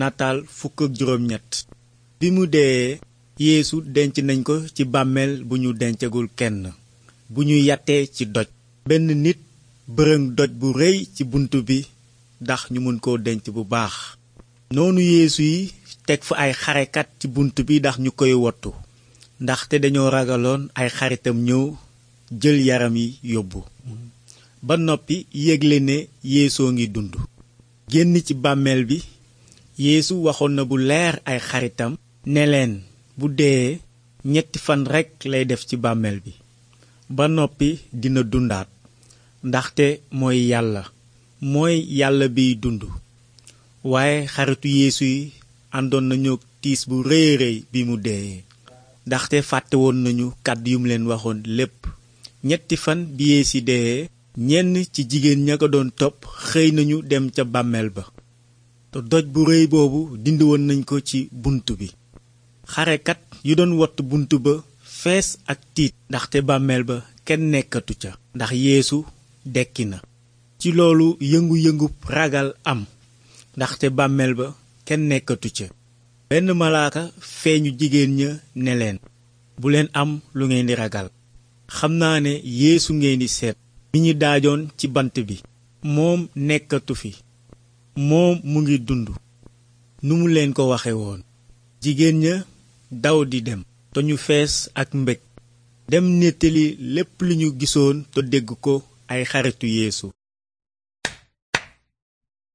nataal fukk ak bi mu dee yeesu denc nañ ko ci bàmmeel bu ñu dencagul kenn bu ñu yattee ci doj benn nit bërëng doj bu rëy ci bunt bi ndax ñu mën koo denc bu baax noonu yeesu yi teg fa ay xarekat ci bunt bi ndax ñu koy wottu ndaxte dañoo ragaloon ay xaritam ñëw jël yaram yi yóbbu ba noppi yëgle ne yeesoo ngi dund génn ci bàmmeel bi yéesu waxoon na bu leer ay xaritam ne leen bu dee ñetti fan rekk lay def ci bàmmeel bi ba noppi dina dundaat ndaxte mooy yàlla mooy yàlla biy dund waaye xaritu yéesu yi àndoon nañu tiis bu rëy rëy bi mu dee ndaxte fàtte woon nañu kàddu yum leen waxoon lépp ñetti fan bi yeesi dee ñenn ci jigéen ña ko doon topp xëy nañu dem ca bàmmeel ba te doj bu rëy boobu dindi woon nañ ko ci bunt bi xarekat yu doon wot bunt ba fees ak tiit ndaxte bàmmeel ba kenn nekkatu ca ndax yéesu dekki na ci loolu yëngu-yëngu ragal am ndaxte bàmmeel ba kenn nekkatu ca benn malaaka feeñu jigéen ña ne leen bu leen am lu ngeen di ragal xam naa ne yéesu ngeen di seet bi ñu daajoon ci bant bi moom nekkatu fi moom mu ngi dund nu mu leen ko waxe woon jigéen ña daw di dem te fees ak mbég dem nettali lépp li ñu gisoon te dégg ko ay xaritu yéesu